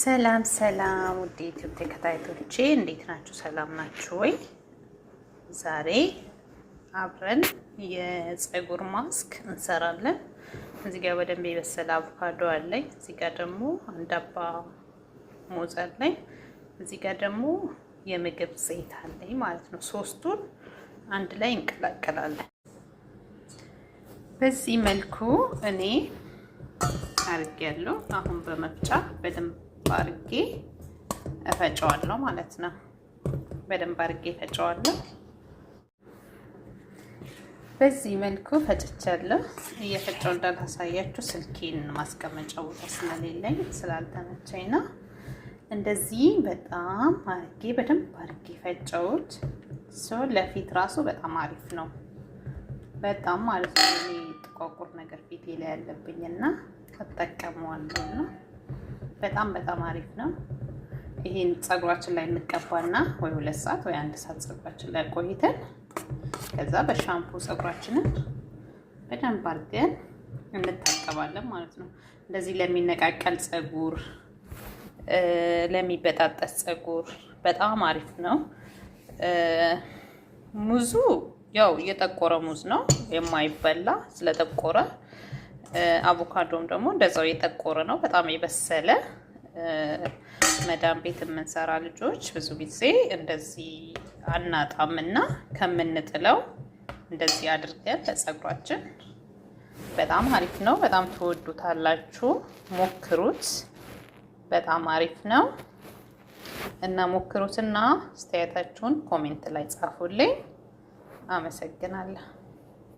ሰላም ሰላም ውድ ዩቲዩብ ተከታታዮቼ እንዴት ናችሁ? ሰላም ናችሁ ወይ? ዛሬ አብረን የፀጉር ማስክ እንሰራለን። እዚህ ጋር በደንብ የበሰለ አቮካዶ አለኝ። እዚህ ጋር ደግሞ አንድ አባ ሙዝ አለኝ። እዚህ ጋር ደግሞ የምግብ ዘይት አለኝ ማለት ነው። ሶስቱን አንድ ላይ እንቀላቀላለን። በዚህ መልኩ እኔ ያለው አሁን በመፍጫ በደንብ አድርጌ እፈጨዋለሁ ማለት ነው። በደንብ አድርጌ እፈጨዋለሁ። በዚህ መልኩ ፈጭቻለሁ። እየፈጨው እንዳላሳያችሁ ስልኬን ማስቀመጫ ቦታ ስለሌለኝ ስላልተመቸኝ ነው። እንደዚህ በጣም አርጌ በደንብ አርጌ ፈጨውት። ሶ ለፊት ራሱ በጣም አሪፍ ነው። በጣም ማለት ነው። ጥቋቁር ነገር ፊቴ ላይ ያለብኝና እጠቀመዋለሁ ነው በጣም በጣም አሪፍ ነው። ይህን ፀጉራችን ላይ እንቀባና ወይ ሁለት ሰዓት ወይ አንድ ሰዓት ፀጉራችን ላይ ቆይተን ከዛ በሻምፑ ፀጉራችንን በደንብ አድርገን እንታቀባለን ማለት ነው። እንደዚህ ለሚነቃቀል ፀጉር፣ ለሚበጣጠስ ፀጉር በጣም አሪፍ ነው። ሙዙ ያው እየጠቆረ ሙዝ ነው የማይበላ ስለጠቆረ አቮካዶም ደግሞ እንደዛው የጠቆረ ነው፣ በጣም የበሰለ መዳም ቤት የምንሰራ ልጆች ብዙ ጊዜ እንደዚህ አናጣምና ከምንጥለው እንደዚህ አድርገን ለጸጉራችን በጣም አሪፍ ነው። በጣም ትወዱታላችሁ። ሞክሩት። በጣም አሪፍ ነው እና ሞክሩትና አስተያየታችሁን ኮሜንት ላይ ጻፉልኝ። አመሰግናለሁ።